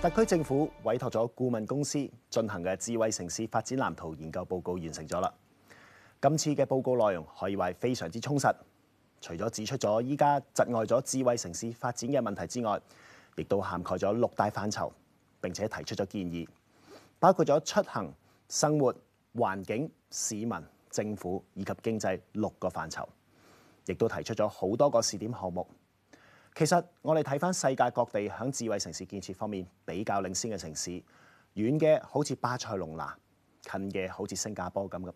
特區政府委託咗顧問公司進行嘅智慧城市發展藍圖研究報告完成咗啦。今次嘅報告內容可以話係非常之充實，除咗指出咗依家窒礙咗智慧城市發展嘅問題之外，亦都涵蓋咗六大範疇，並且提出咗建議，包括咗出行、生活、環境、市民、政府以及經濟六個範疇，亦都提出咗好多個試點項目。其實我哋睇返世界各地喺智慧城市建設方面比較領先嘅城市，遠嘅好似巴塞隆拿，近嘅好似新加坡咁嘅，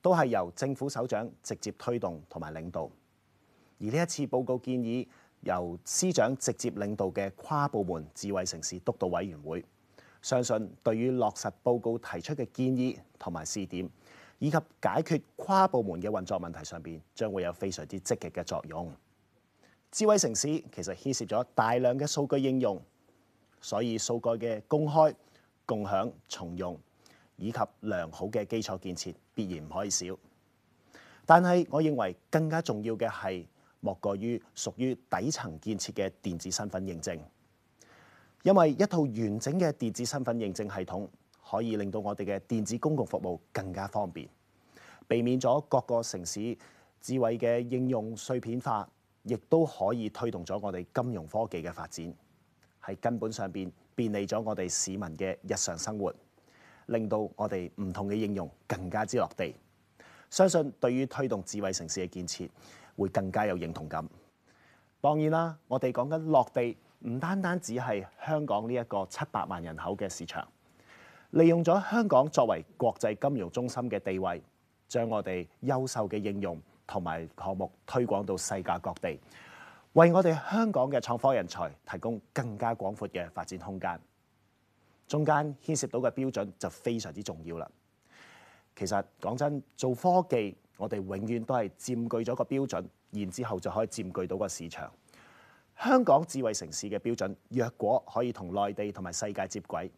都係由政府首長直接推動同埋領導。而呢一次報告建議由司長直接領導嘅跨部門智慧城市督導委員會，相信對於落實報告提出嘅建議同埋試點，以及解決跨部門嘅運作問題上邊，將會有非常之積極嘅作用。智慧城市其實牽涉咗大量嘅數據應用，所以數據嘅公開、共享、重用以及良好嘅基礎建設，必然唔可以少。但係，我認為更加重要嘅係莫過於屬於底層建設嘅電子身份認證，因為一套完整嘅電子身份認證系統可以令到我哋嘅電子公共服務更加方便，避免咗各個城市智慧嘅應用碎片化。亦都可以推動咗我哋金融科技嘅發展，喺根本上邊便利咗我哋市民嘅日常生活，令到我哋唔同嘅應用更加之落地。相信對於推動智慧城市嘅建設，會更加有認同感。當然啦，我哋講緊落地，唔單單只係香港呢一個七百萬人口嘅市場，利用咗香港作為國際金融中心嘅地位，將我哋優秀嘅應用，同埋項目推廣到世界各地，為我哋香港嘅創科人才提供更加廣闊嘅發展空間。中間牽涉到嘅標準就非常之重要啦。其實講真，做科技，我哋永遠都係佔據咗個標準，然之後就可以佔據到個市場。香港智慧城市嘅標準，若果可以同內地同埋世界接軌，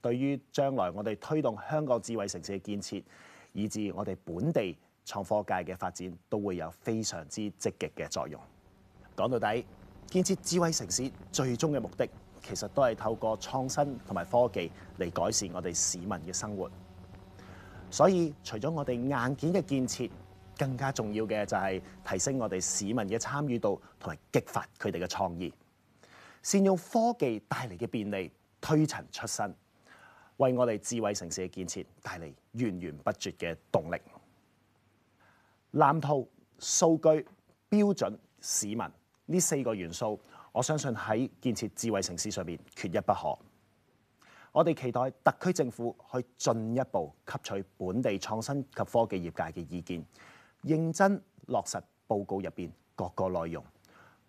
對於將來我哋推動香港智慧城市嘅建設，以至我哋本地。創科界嘅發展都會有非常之積極嘅作用。講到底，建設智慧城市最終嘅目的，其實都係透過創新同埋科技嚟改善我哋市民嘅生活。所以，除咗我哋硬件嘅建設，更加重要嘅就係提升我哋市民嘅參與度，同埋激發佢哋嘅創意。善用科技帶嚟嘅便利，推陳出新，為我哋智慧城市嘅建設帶嚟源源不絕嘅動力。藍圖、數據、標準、市民呢四個元素，我相信喺建設智慧城市上面缺一不可。我哋期待特區政府去進一步吸取本地創新及科技業界嘅意見，認真落實報告入邊各個內容，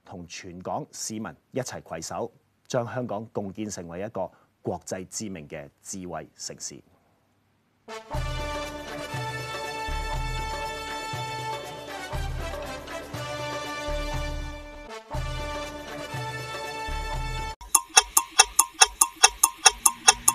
同全港市民一齊攜手，將香港共建成為一個國際知名嘅智慧城市。